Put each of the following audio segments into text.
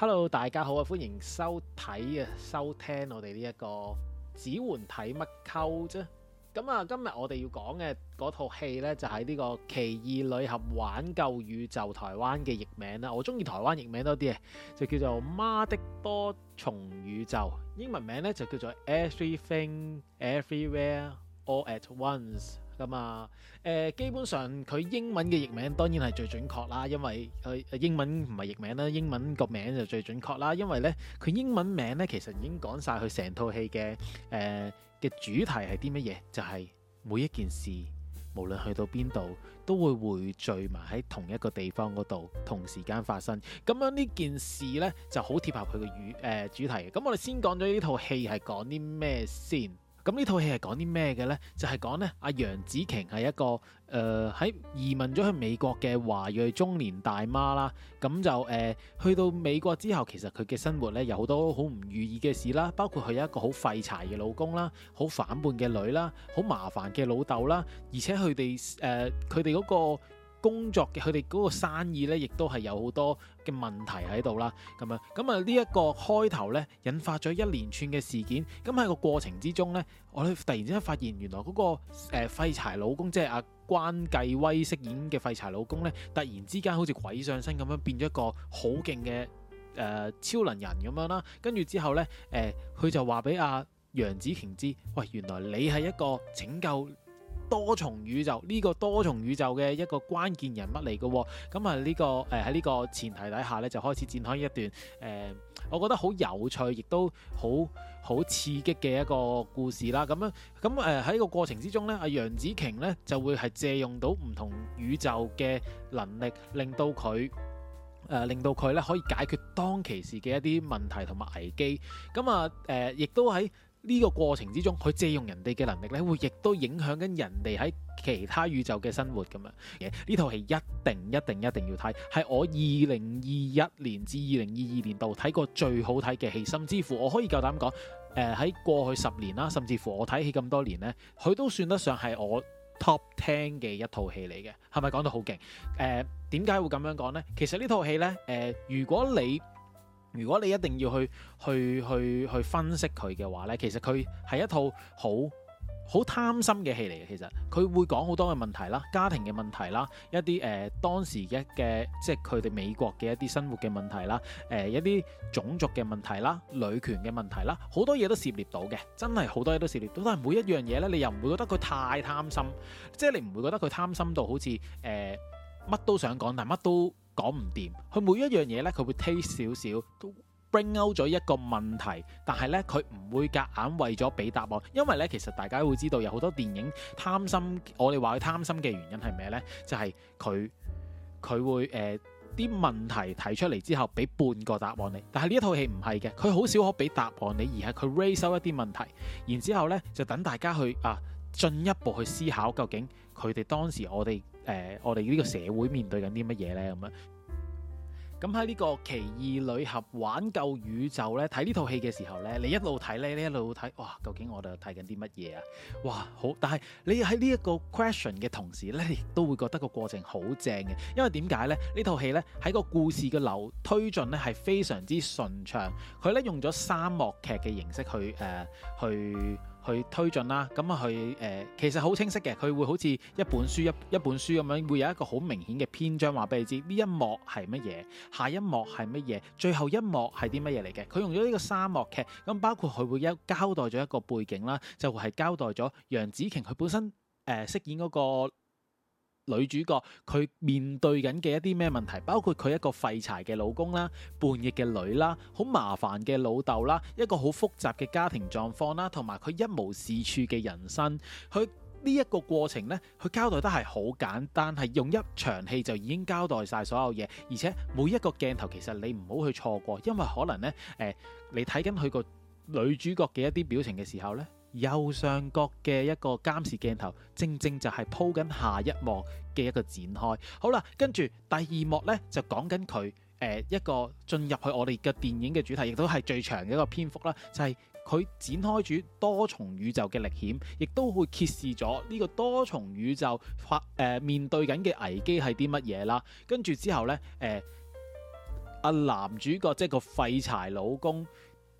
Hello，大家好啊，歡迎收睇啊，收聽我哋呢一個指環睇乜溝啫。咁啊，今日我哋要講嘅套戲呢，就係呢個《奇異女俠挽救宇宙》台灣嘅譯名啦。我中意台灣譯名多啲啊，就叫做《媽的多重宇宙》。英文名呢，就叫做《Everything Everywhere All at Once》。咁啊，誒基本上佢英文嘅譯名當然係最準確啦，因為佢英文唔係譯名啦，英文個名就最準確啦，因為咧佢英文名咧其實已經講曬佢成套戲嘅誒嘅主題係啲乜嘢，就係每一件事，無論去到邊度都會匯聚埋喺同一個地方嗰度同時間發生，咁樣呢件事咧就好貼合佢嘅語誒主題。咁我哋先講咗呢套戲係講啲咩先。咁呢套戲係講啲咩嘅呢？就係、是、講呢，阿楊紫瓊係一個誒喺、呃、移民咗去美國嘅華裔中年大媽啦。咁就誒、呃、去到美國之後，其實佢嘅生活呢有好多好唔如意嘅事啦，包括佢有一個好廢柴嘅老公啦，好反叛嘅女啦，好麻煩嘅老豆啦，而且佢哋誒佢哋嗰個。工作嘅佢哋嗰個生意呢，亦都係有好多嘅問題喺度啦。咁樣咁啊，呢、這、一個開頭呢，引發咗一連串嘅事件。咁喺個過程之中呢，我哋突然之間發現，原來嗰、那個誒廢、呃、柴老公，即係阿、啊、關繼威飾演嘅廢柴老公呢，突然之間好似鬼上身咁樣，變咗一個好勁嘅誒超能人咁樣啦。跟住之後呢，誒、呃、佢就話俾阿楊紫瓊知，喂，原來你係一個拯救。多重宇宙，呢個多重宇宙嘅一個關鍵人物嚟嘅，咁啊呢個誒喺呢個前提底下咧，就開始展開一段誒、呃，我覺得好有趣，亦都好好刺激嘅一個故事啦。咁樣咁誒喺呢個過程之中咧，阿楊紫瓊咧就會係借用到唔同宇宙嘅能力，令到佢誒、呃、令到佢咧可以解決當其時嘅一啲問題同埋危機。咁啊誒，亦、呃、都喺。呢個過程之中，佢借用人哋嘅能力咧，會亦都影響緊人哋喺其他宇宙嘅生活咁樣嘅！呢套戲一定一定一定要睇，係我二零二一年至二零二二年度睇過最好睇嘅戲。甚至乎我可以夠膽講，誒、呃、喺過去十年啦，甚至乎我睇戲咁多年呢，佢都算得上係我 top ten 嘅一套戲嚟嘅。係咪講到好勁？誒，點解會咁樣講呢？其實呢套戲呢，誒、呃、如果你如果你一定要去去去去分析佢嘅話呢，其實佢係一套好好貪心嘅戲嚟嘅。其實佢會講好多嘅問題啦，家庭嘅問題啦，一啲誒、呃、當時嘅嘅即係佢哋美國嘅一啲生活嘅問題啦，誒、呃、一啲種族嘅問題啦、女權嘅問題啦，好多嘢都涉獵到嘅，真係好多嘢都涉獵到。但係每一樣嘢呢，你又唔會覺得佢太貪心，即係你唔會覺得佢貪心到好似誒，呃乜都想講，但乜都講唔掂。佢每一樣嘢呢，佢會 take 少少，都 bring out 咗一個問題。但係呢，佢唔會夾硬為咗俾答案，因為呢，其實大家會知道有好多電影貪心。我哋話佢貪心嘅原因係咩呢？就係佢佢會誒啲、呃、問題提出嚟之後，俾半個答案你。但係呢一套戲唔係嘅，佢好少可俾答案你，而係佢 raise out 一啲問題，然之後呢，就等大家去啊進一步去思考，究竟佢哋當時我哋。誒、呃，我哋呢個社會面對緊啲乜嘢呢？咁樣，咁喺呢個奇異女俠挽救宇宙呢，睇呢套戲嘅時候呢，你一路睇呢，你一路睇，哇！究竟我哋睇緊啲乜嘢啊？哇！好，但係你喺呢一個 question 嘅同時呢，亦都會覺得個過程好正嘅，因為點解呢？呢套戲呢，喺個故事嘅流推進呢，係非常之順暢，佢呢，用咗三幕劇嘅形式去誒、呃、去。去推進啦，咁啊佢誒，其實好清晰嘅，佢會好似一,一,一本書一一本書咁樣，會有一個好明顯嘅篇章，話俾你知呢一幕係乜嘢，下一幕係乜嘢，最後一幕係啲乜嘢嚟嘅。佢用咗呢個三幕劇，咁包括佢會一交代咗一個背景啦，就係、是、交代咗楊紫瓊佢本身誒、呃、飾演嗰、那個。女主角佢面對緊嘅一啲咩問題？包括佢一個廢柴嘅老公啦、叛逆嘅女啦、好麻煩嘅老豆啦、一個好複雜嘅家庭狀況啦，同埋佢一無是處嘅人生。佢呢一個過程呢，佢交代得係好簡單，係用一場戲就已經交代晒所有嘢。而且每一個鏡頭其實你唔好去錯過，因為可能呢，誒、呃，你睇緊佢個女主角嘅一啲表情嘅時候呢。右上角嘅一個監視鏡頭，正正就係鋪緊下一幕嘅一個展開。好啦，跟住第二幕呢，就講緊佢誒、一個進入去我哋嘅電影嘅主題，亦都係最長嘅一個篇幅啦。就係、是、佢展開住多重宇宙嘅歷險，亦都會揭示咗呢個多重宇宙發、誒、呃、面對緊嘅危機係啲乜嘢啦。跟住之後呢，誒、呃、阿男主角即係、就是、個廢柴老公，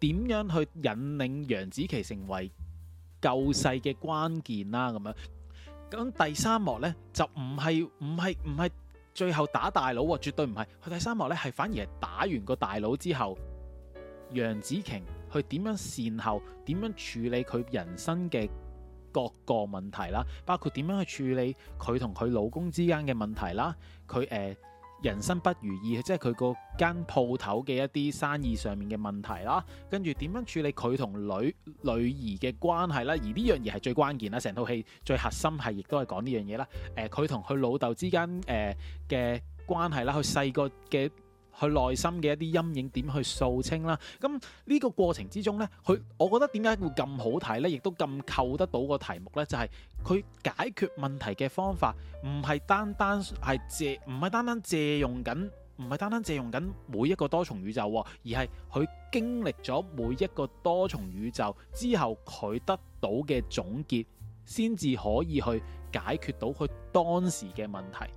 點樣去引領楊紫瓊成為？救世嘅關鍵啦，咁樣。咁第三幕呢，就唔係唔係唔係最後打大佬喎，絕對唔係。佢第三幕呢，係反而係打完個大佬之後，楊紫瓊去點樣善後，點樣處理佢人生嘅各個問題啦，包括點樣去處理佢同佢老公之間嘅問題啦，佢誒、呃人生不如意，即係佢個間鋪頭嘅一啲生意上面嘅問題啦，跟住點樣處理佢同女女兒嘅關係啦，而呢樣嘢係最關鍵啦，成套戲最核心係亦都係講呢樣嘢啦。誒、呃，佢同佢老豆之間誒嘅、呃、關係啦，佢細個嘅。佢內心嘅一啲陰影點去掃清啦，咁呢個過程之中呢，佢我覺得點解會咁好睇呢？亦都咁扣得到個題目呢，就係佢解決問題嘅方法唔係單單係借，唔係單單借用緊，唔係單單借用緊每一個多重宇宙，而係佢經歷咗每一個多重宇宙之後，佢得到嘅總結，先至可以去解決到佢當時嘅問題。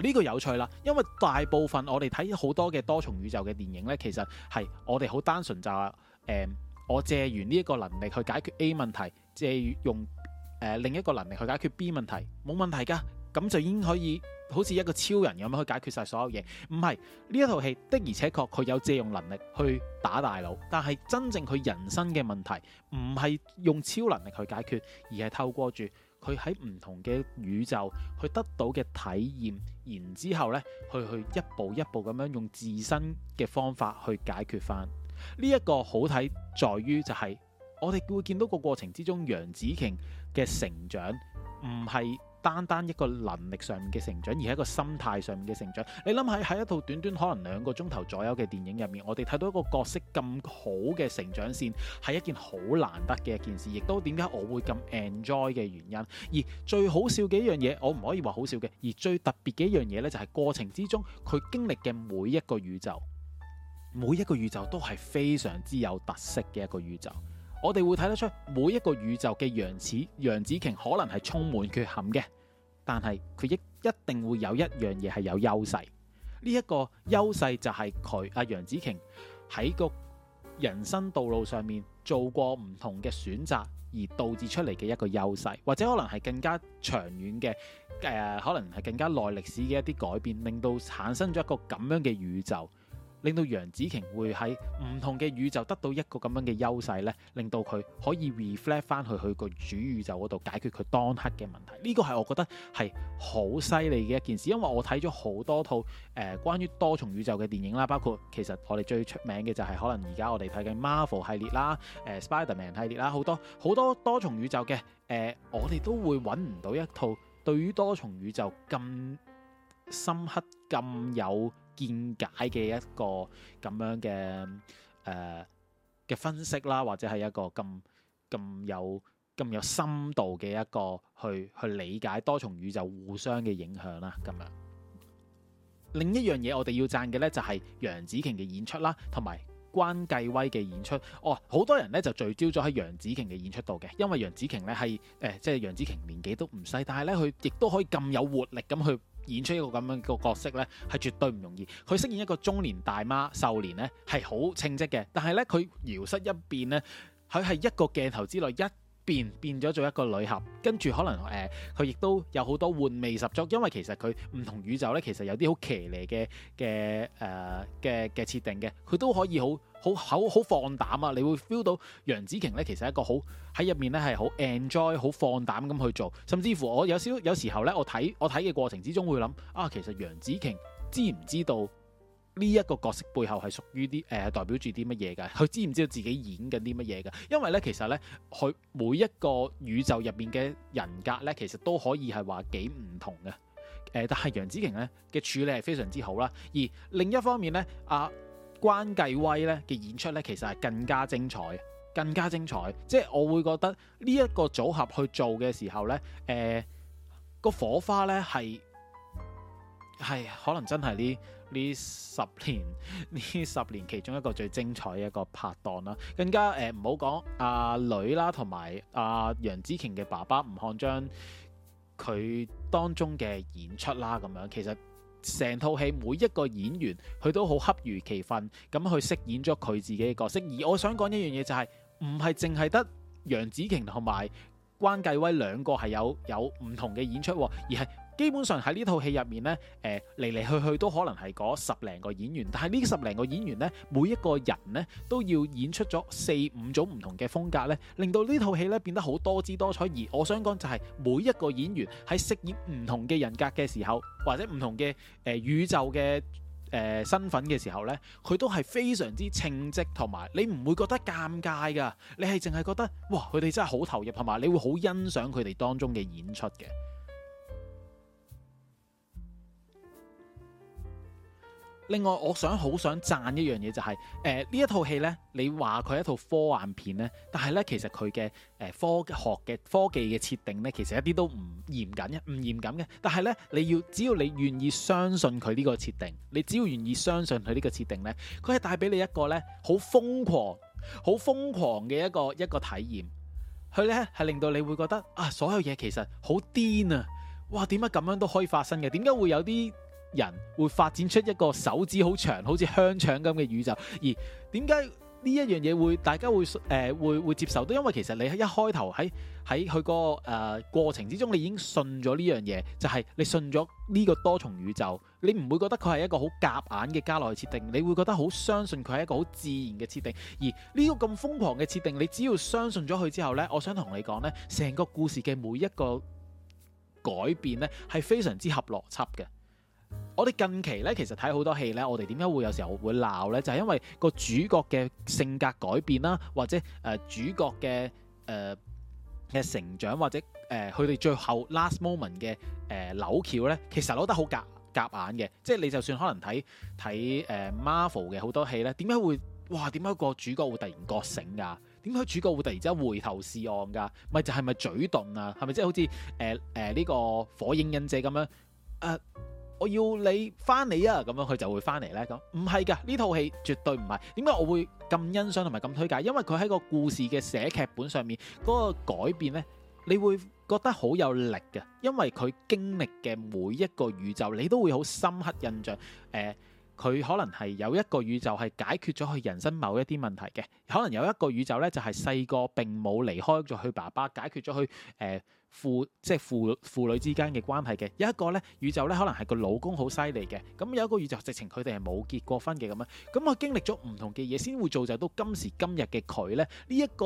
呢個有趣啦，因為大部分我哋睇好多嘅多重宇宙嘅電影呢，其實係我哋好單純就話、是，誒、呃、我借完呢一個能力去解決 A 問題，借用誒、呃、另一個能力去解決 B 問題，冇問題㗎，咁就已經可以好似一個超人咁樣去解決晒所有嘢。唔係呢一套戲的而且確佢有借用能力去打大佬，但係真正佢人生嘅問題唔係用超能力去解決，而係透過住。佢喺唔同嘅宇宙，去得到嘅體驗，然之後呢，去去一步一步咁樣用自身嘅方法去解決返。呢、這、一個好睇在於就係，我哋會見到個過程之中，楊紫瓊嘅成長唔係。單單一個能力上面嘅成長，而係一個心態上面嘅成長。你諗下，喺一套短短可能兩個鐘頭左右嘅電影入面，我哋睇到一個角色咁好嘅成長線，係一件好難得嘅一件事，亦都點解我會咁 enjoy 嘅原因。而最好笑嘅一樣嘢，我唔可以話好笑嘅。而最特別嘅一樣嘢呢，就係過程之中，佢經歷嘅每一個宇宙，每一個宇宙都係非常之有特色嘅一個宇宙。我哋會睇得出每一個宇宙嘅樣子，楊紫瓊可能係充滿缺陷嘅，但係佢一一定會有一樣嘢係有優勢。呢、這、一個優勢就係佢啊楊紫瓊喺個人生道路上面做過唔同嘅選擇，而導致出嚟嘅一個優勢，或者可能係更加長遠嘅誒、呃，可能係更加耐歷史嘅一啲改變，令到產生咗一個咁樣嘅宇宙。令到楊紫瓊會喺唔同嘅宇宙得到一個咁樣嘅優勢呢，令到佢可以 reflect 翻去佢個主宇宙嗰度解決佢當刻嘅問題。呢、這個係我覺得係好犀利嘅一件事，因為我睇咗好多套誒、呃、關於多重宇宙嘅電影啦，包括其實我哋最出名嘅就係可能而家我哋睇嘅 Marvel 系列啦、誒、呃、Spider-Man 系列啦，好多好多多重宇宙嘅誒、呃，我哋都會揾唔到一套對於多重宇宙咁深刻、咁有見解嘅一個咁樣嘅誒嘅分析啦，或者係一個咁咁有咁有深度嘅一個去去理解多重宇宙互相嘅影響啦。咁樣另一樣嘢，我哋要讚嘅呢，就係楊紫瓊嘅演出啦，同埋關繼威嘅演出。哦，好多人呢，就聚焦咗喺楊紫瓊嘅演出度嘅，因為楊紫瓊呢係誒，即係楊紫瓊年紀都唔細，但係呢，佢亦都可以咁有活力咁去。演出一個咁樣嘅角色咧，係絕對唔容易。佢飾演一個中年大媽，秀年咧，係好稱職嘅。但係咧，佢搖身一變咧，佢係一個鏡頭之內一。變變咗做一個女俠，跟住可能誒，佢、呃、亦都有好多玩味十足，因為其實佢唔同宇宙咧，其實有啲好騎呢嘅嘅誒嘅嘅設定嘅，佢都可以好好好好放膽啊！你會 feel 到楊紫瓊咧，其實一個好喺入面咧係好 enjoy、好放膽咁去做，甚至乎我有少有時候咧，我睇我睇嘅過程之中會諗啊，其實楊紫瓊知唔知道？呢一個角色背後係屬於啲，誒代表住啲乜嘢㗎？佢知唔知道自己演緊啲乜嘢㗎？因為咧，其實咧，佢每一個宇宙入面嘅人格咧，其實都可以係話幾唔同嘅。誒、呃，但係楊紫瓊咧嘅處理係非常之好啦。而另一方面咧，阿、啊、關繼威咧嘅演出咧，其實係更加精彩，更加精彩。即係我會覺得呢一個組合去做嘅時候咧，誒、呃、個火花咧係係可能真係啲。呢十年，呢十年，其中一個最精彩嘅一個拍檔啦，更加誒唔好講阿女啦，同埋阿楊紫瓊嘅爸爸吳漢章，佢當中嘅演出啦，咁樣其實成套戲每一個演員佢都好恰如其分咁去飾演咗佢自己嘅角色，而我想講一樣嘢就係唔係淨係得楊紫瓊同埋關繼威兩個係有有唔同嘅演出啊，而係。基本上喺呢套戲入面呢，誒嚟嚟去去都可能係嗰十零個演員，但係呢十零個演員呢，每一個人呢都要演出咗四五種唔同嘅風格呢，令到呢套戲呢變得好多姿多彩。而我想講就係每一個演員喺飾演唔同嘅人格嘅時候，或者唔同嘅誒、呃、宇宙嘅誒、呃、身份嘅時候呢，佢都係非常之稱職，同埋你唔會覺得尷尬噶，你係淨係覺得哇，佢哋真係好投入係嘛？你會好欣賞佢哋當中嘅演出嘅。另外，我想好想讚一樣嘢就係、是，誒、呃、呢一套戲呢你話佢一套科幻片呢，但係呢，其實佢嘅誒科學嘅科技嘅設定呢，其實一啲都唔嚴謹嘅，唔嚴謹嘅。但係呢，你要只要你願意相信佢呢個設定，你只要願意相信佢呢個設定呢，佢係帶俾你一個呢好瘋狂、好瘋狂嘅一個一個體驗。佢呢係令到你會覺得啊，所有嘢其實好癲啊！哇，點解咁樣都可以發生嘅？點解會有啲？人會發展出一個手指好長、好似香腸咁嘅宇宙。而點解呢一樣嘢會大家會誒、呃、會會接受？都因為其實你一開頭喺喺佢個誒、呃、過程之中，你已經信咗呢樣嘢，就係、是、你信咗呢個多重宇宙。你唔會覺得佢係一個好夾硬嘅加內設定，你會覺得好相信佢係一個好自然嘅設定。而呢個咁瘋狂嘅設定，你只要相信咗佢之後呢，我想同你講呢，成個故事嘅每一個改變呢，係非常之合邏輯嘅。我哋近期咧，其實睇好多戲咧，我哋點解會有時候會鬧咧？就係、是、因為個主角嘅性格改變啦、啊，或者誒、呃、主角嘅誒嘅成長，或者誒佢哋最後 last moment 嘅誒、呃、扭橋咧，其實攞得好夾夾眼嘅。即係你就算可能睇睇誒 Marvel 嘅好多戲咧，點解會哇？點解個主角會突然覺醒㗎？點解主角會突然之間回頭是岸㗎？咪就係、是、咪嘴遁啊？係咪即係好似誒誒呢個火影忍者咁樣誒？呃呃我要你翻嚟啊！咁樣佢就會翻嚟呢。咁唔係噶，呢套戲絕對唔係。點解我會咁欣賞同埋咁推介？因為佢喺個故事嘅寫劇本上面嗰個改變呢，你會覺得好有力嘅。因為佢經歷嘅每一個宇宙，你都會好深刻印象。誒，佢可能係有一個宇宙係解決咗佢人生某一啲問題嘅，可能有一個宇宙呢就係細個並冇離開咗佢爸爸，解決咗佢誒。父即係父父女之間嘅關係嘅，有一個呢，宇宙呢，可能係個老公好犀利嘅。咁有一個宇宙直情佢哋係冇結過婚嘅咁樣，咁我經歷咗唔同嘅嘢先會造就到今時今日嘅佢呢。呢一個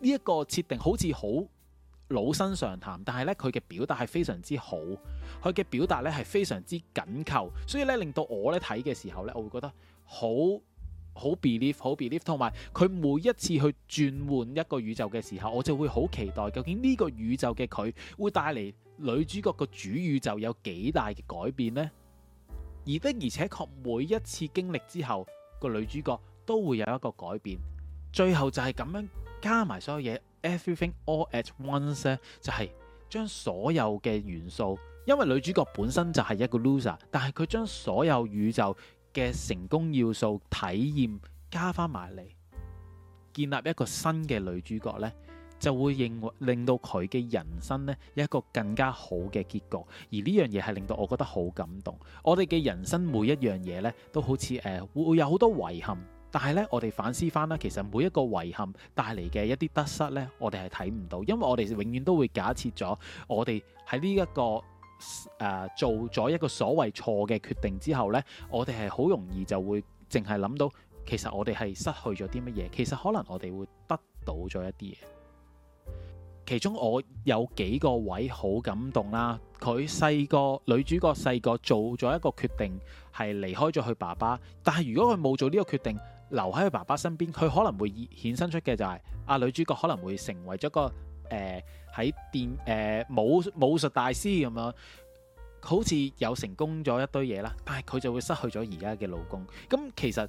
呢一個設定好似好老生常談，但係呢，佢嘅表達係非常之好，佢嘅表達呢係非常之緊扣，所以呢，令到我呢睇嘅時候呢，我會覺得好。好 belief，好 belief，同埋佢每一次去轉換一個宇宙嘅時候，我就會好期待究竟呢個宇宙嘅佢會帶嚟女主角個主宇宙有幾大嘅改變呢？而的而且確每一次經歷之後，個女主角都會有一個改變。最後就係咁樣加埋所有嘢，everything all at once，就係將所有嘅元素，因為女主角本身就係一個 loser，但係佢將所有宇宙嘅成功要素體驗加翻埋嚟，建立一個新嘅女主角呢，就會認為令到佢嘅人生呢，有一個更加好嘅結局。而呢樣嘢係令到我覺得好感動。我哋嘅人生每一樣嘢呢，都好似誒、呃、會有好多遺憾，但係呢，我哋反思翻啦，其實每一個遺憾帶嚟嘅一啲得失呢，我哋係睇唔到，因為我哋永遠都會假設咗我哋喺呢一個。誒，做咗一個所謂錯嘅決定之後呢，我哋係好容易就會淨係諗到，其實我哋係失去咗啲乜嘢。其實可能我哋會得到咗一啲嘢。其中我有幾個位好感動啦。佢細個女主角細個做咗一個決定，係離開咗佢爸爸。但係如果佢冇做呢個決定，留喺佢爸爸身邊，佢可能會衍生出嘅就係、是，啊女主角可能會成為咗個。誒、喺、呃、電誒、呃、武武術大師咁樣，好似有成功咗一堆嘢啦，但係佢就會失去咗而家嘅老公。咁其實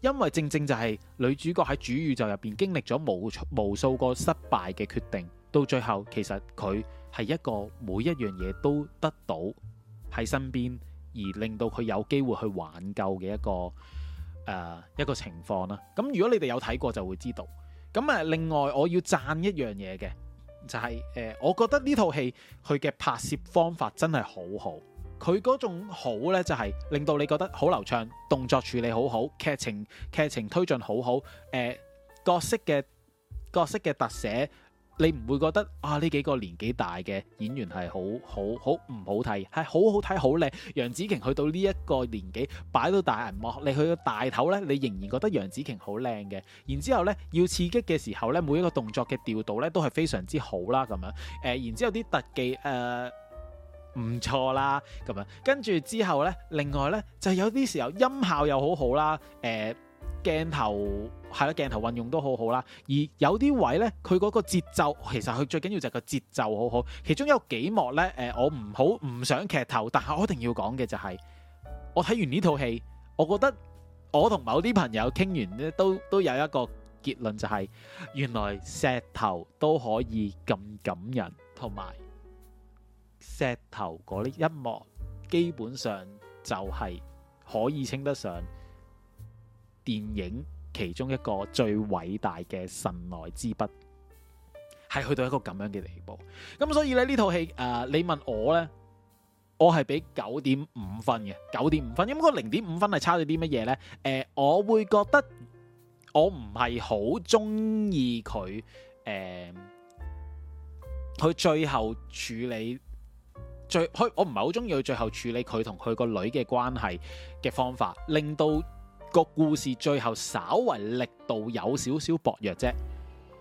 因為正正就係女主角喺主宇宙入邊經歷咗無無數個失敗嘅決定，到最後其實佢係一個每一樣嘢都得到喺身邊，而令到佢有機會去挽救嘅一個誒、呃、一個情況啦。咁如果你哋有睇過就會知道。咁誒，另外我要讚一樣嘢嘅。就係、是、誒、呃，我覺得呢套戲佢嘅拍攝方法真係好好，佢嗰種好呢，就係、是、令到你覺得好流暢，動作處理好好，劇情劇情推進好好，誒、呃、角色嘅角色嘅特寫。你唔會覺得啊？呢幾個年紀大嘅演員係好好好唔好睇，係好好睇好靚。楊紫瓊去到呢一個年紀，擺到大銀幕，你去到大頭呢，你仍然覺得楊紫瓊好靚嘅。然之後呢，要刺激嘅時候呢，每一個動作嘅調度呢，都係非常之好、呃呃、啦，咁樣。誒，然之後啲特技誒唔錯啦，咁樣。跟住之後呢，另外呢，就有啲時候音效又好好啦，誒、呃。鏡頭係啦，鏡頭運用都好好啦。而有啲位呢，佢嗰個節奏，其實佢最緊要就係個節奏好好。其中有幾幕呢，誒，我唔好唔想劇透，但係我一定要講嘅就係、是，我睇完呢套戲，我覺得我同某啲朋友傾完呢，都都有一個結論、就是，就係原來石頭都可以咁感人，同埋石頭嗰啲音樂，基本上就係可以稱得上，電影其中一個最偉大嘅神來之筆，係去到一個咁樣嘅地步。咁所以咧，呢套戲誒，你問我呢，我係俾九點五分嘅，九點五分。咁嗰零點五分係差咗啲乜嘢呢？誒、呃，我會覺得我唔係好中意佢誒，佢、呃、最後處理最佢，我唔係好中意佢最後處理佢同佢個女嘅關係嘅方法，令到，個故事最後稍為力度有少少薄弱啫，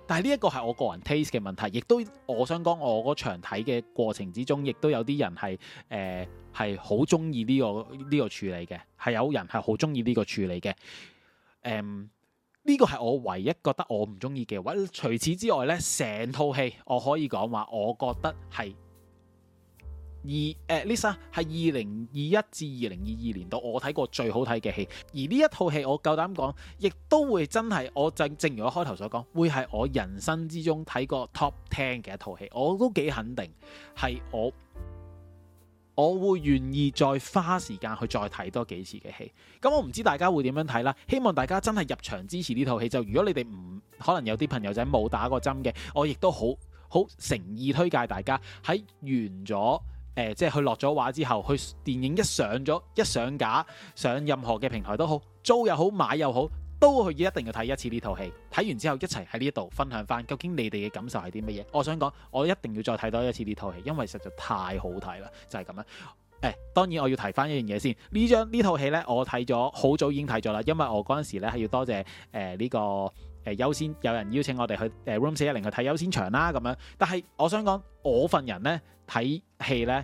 但係呢一個係我個人 taste 嘅問題，亦都我想講我嗰場睇嘅過程之中，亦都有啲人係誒係好中意呢個呢、呢個處理嘅，係有人係好中意呢個處理嘅。誒、嗯，呢個係我唯一覺得我唔中意嘅話，或除此之外呢成套戲我可以講話，我覺得係。而誒，Lisa 係二零二一至二零二二年度我睇過最好睇嘅戲。而呢一套戲，我夠膽講，亦都會真係，我就正，正如我開頭所講，會係我人生之中睇過 Top Ten 嘅一套戲。我都幾肯定係我，我會願意再花時間去再睇多幾次嘅戲。咁我唔知大家會點樣睇啦。希望大家真係入場支持呢套戲。就如果你哋唔可能有啲朋友仔冇打過針嘅，我亦都好好誠意推介大家喺完咗。誒、呃，即係佢落咗畫之後，佢電影一上咗，一上架上任何嘅平台都好，租又好，買又好，都佢要一定要睇一次呢套戲。睇完之後一齊喺呢一度分享翻，究竟你哋嘅感受係啲乜嘢？我想講，我一定要再睇多一次呢套戲，因為實在太好睇啦，就係咁樣。誒、呃，當然我要提翻一樣嘢先，呢張呢套戲呢，我睇咗好早已經睇咗啦，因為我嗰陣時呢係要多謝誒呢、呃這個誒、呃、優先有人邀請我哋去誒 Room 四一零去睇優先場啦，咁樣。但係我想講，我份人呢。睇戲呢，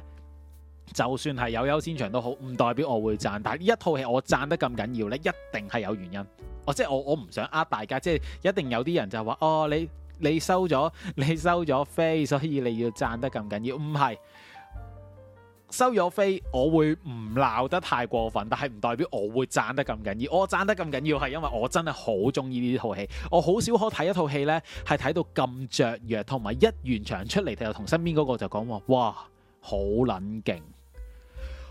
就算係有優先場都好，唔代表我會贊。但係呢一套戲我贊得咁緊要咧，一定係有原因。我即係我，我唔想呃大家，即係一定有啲人就話哦，你你收咗你收咗飛，所以你要贊得咁緊要，唔係。收咗飛，我會唔鬧得太過分，但係唔代表我會讚得咁緊要。我讚得咁緊要係因為我真係好中意呢套戲。我好少可睇一套戲呢，係睇到咁雀躍，同埋一完場出嚟就同身邊嗰個就講話：哇，好冷勁，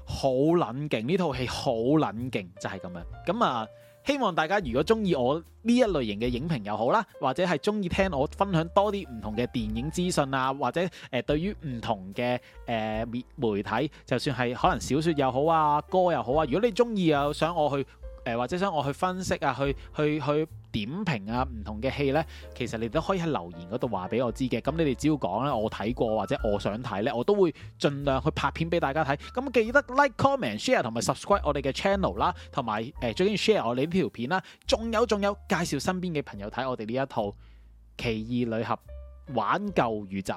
好冷勁！呢套戲好冷勁，就係、是、咁樣。咁啊。希望大家如果中意我呢一類型嘅影評又好啦，或者係中意聽我分享多啲唔同嘅電影資訊啊，或者誒對於唔同嘅誒、呃、媒體，就算係可能小説又好啊，歌又好啊，如果你中意啊，想我去。誒、呃，或者想我去分析啊，去去去點評啊，唔同嘅戲呢，其實你都可以喺留言嗰度話俾我知嘅。咁你哋只要講咧，我睇過或者我想睇呢，我都會盡量去拍片俾大家睇。咁記得 like comment, share、comment、啊、share 同埋 subscribe 我哋嘅 channel 啦，同埋誒最緊要 share 我哋呢條片啦。仲有仲有，呃、有有介紹身邊嘅朋友睇我哋呢一套《奇異女俠：玩救宇宙》。